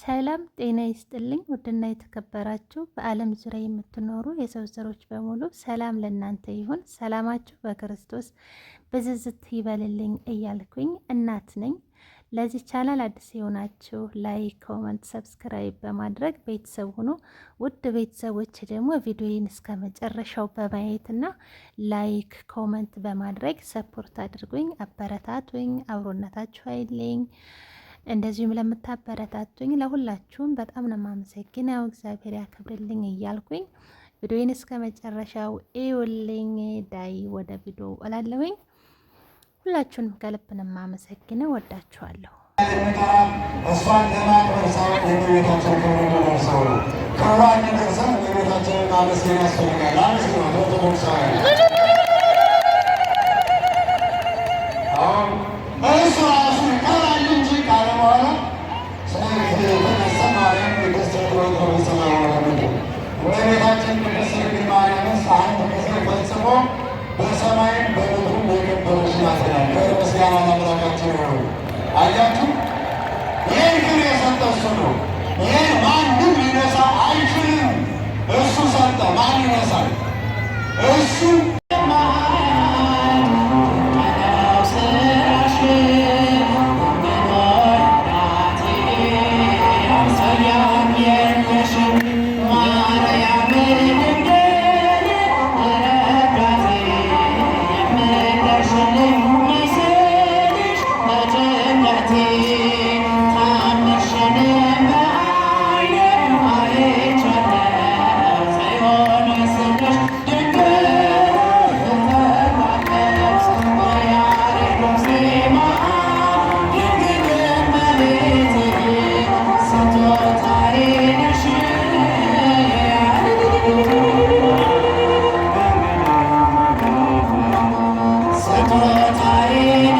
ሰላም ጤና ይስጥልኝ። ውድና የተከበራችሁ በዓለም ዙሪያ የምትኖሩ የሰው ዘሮች በሙሉ ሰላም ለእናንተ ይሁን። ሰላማችሁ በክርስቶስ ብዝዝት ይበልልኝ እያልኩኝ እናት ነኝ። ለዚህ ቻናል አዲስ የሆናችሁ ላይክ፣ ኮመንት፣ ሰብስክራይብ በማድረግ ቤተሰብ ሁኑ። ውድ ቤተሰቦች ደግሞ ቪዲዮን እስከ መጨረሻው በማየትና ላይክ፣ ኮመንት በማድረግ ሰፖርት አድርጉኝ፣ አበረታቱኝ፣ አብሮነታችሁ አይልኝ እንደዚሁም ለምታበረታቱኝ ለሁላችሁም በጣም ነው የማመሰግነው። እግዚአብሔር ያክብርልኝ እያልኩኝ ቪዲዮን እስከ መጨረሻው እዩልኝ። ዳይ ወደ ቪዲዮ እላለሁኝ። ሁላችሁንም ከልብ ነው የማመሰግነው። ወዳችኋለሁ። እሷን ለማክበር ማመስገን ያስፈልጋል። ወይም ተመስሎ ያወረደ ወይነታችን ቅድስት ድንግል ማርያምን ሳህን ተመስሎ ፈጽሞ በሰማይም በምድሩም የከበረች ናት ይላል። ምስጋና ለአምላካችን ይሁን። አያችሁ፣ ይህን ግን የሰጠው እሱ ነው። ይህን ማንም ሊነሳ አይችልም። እሱ ሰጠ፣ ማን ይነሳል? እሱ Hare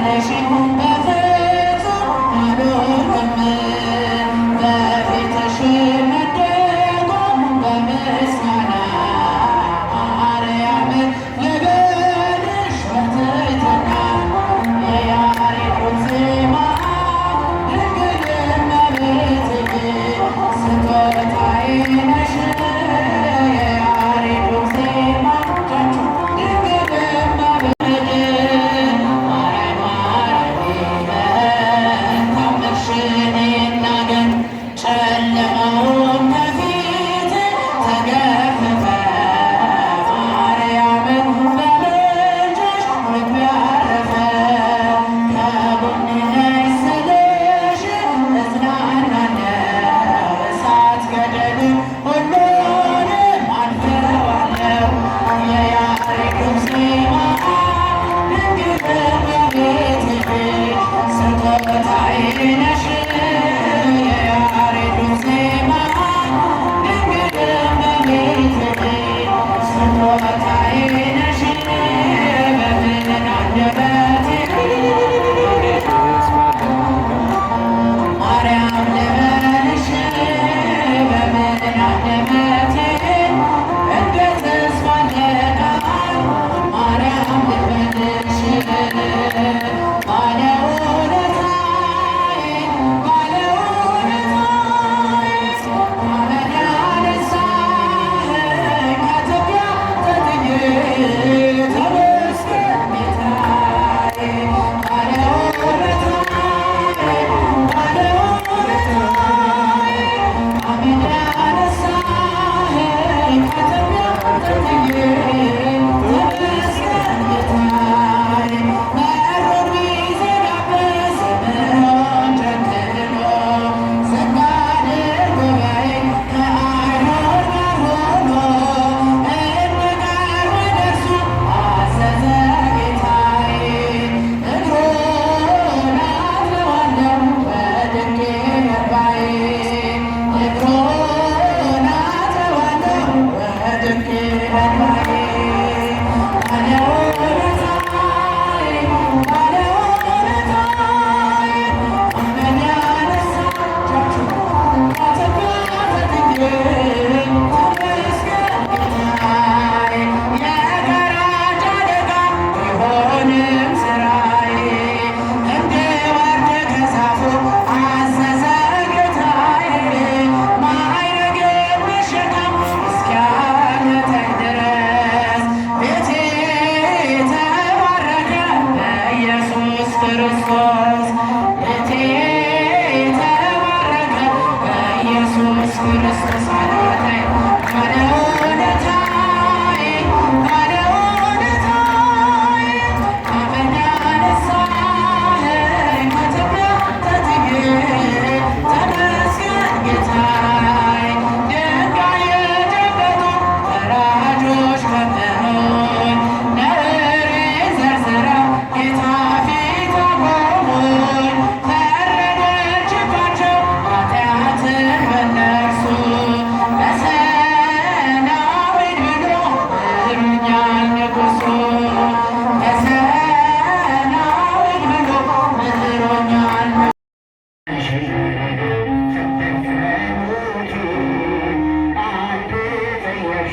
Vamos me.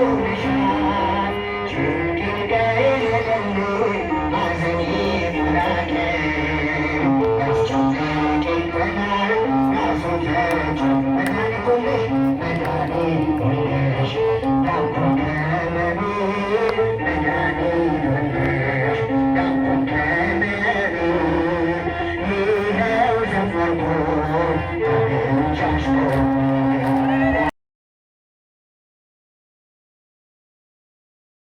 Senhor.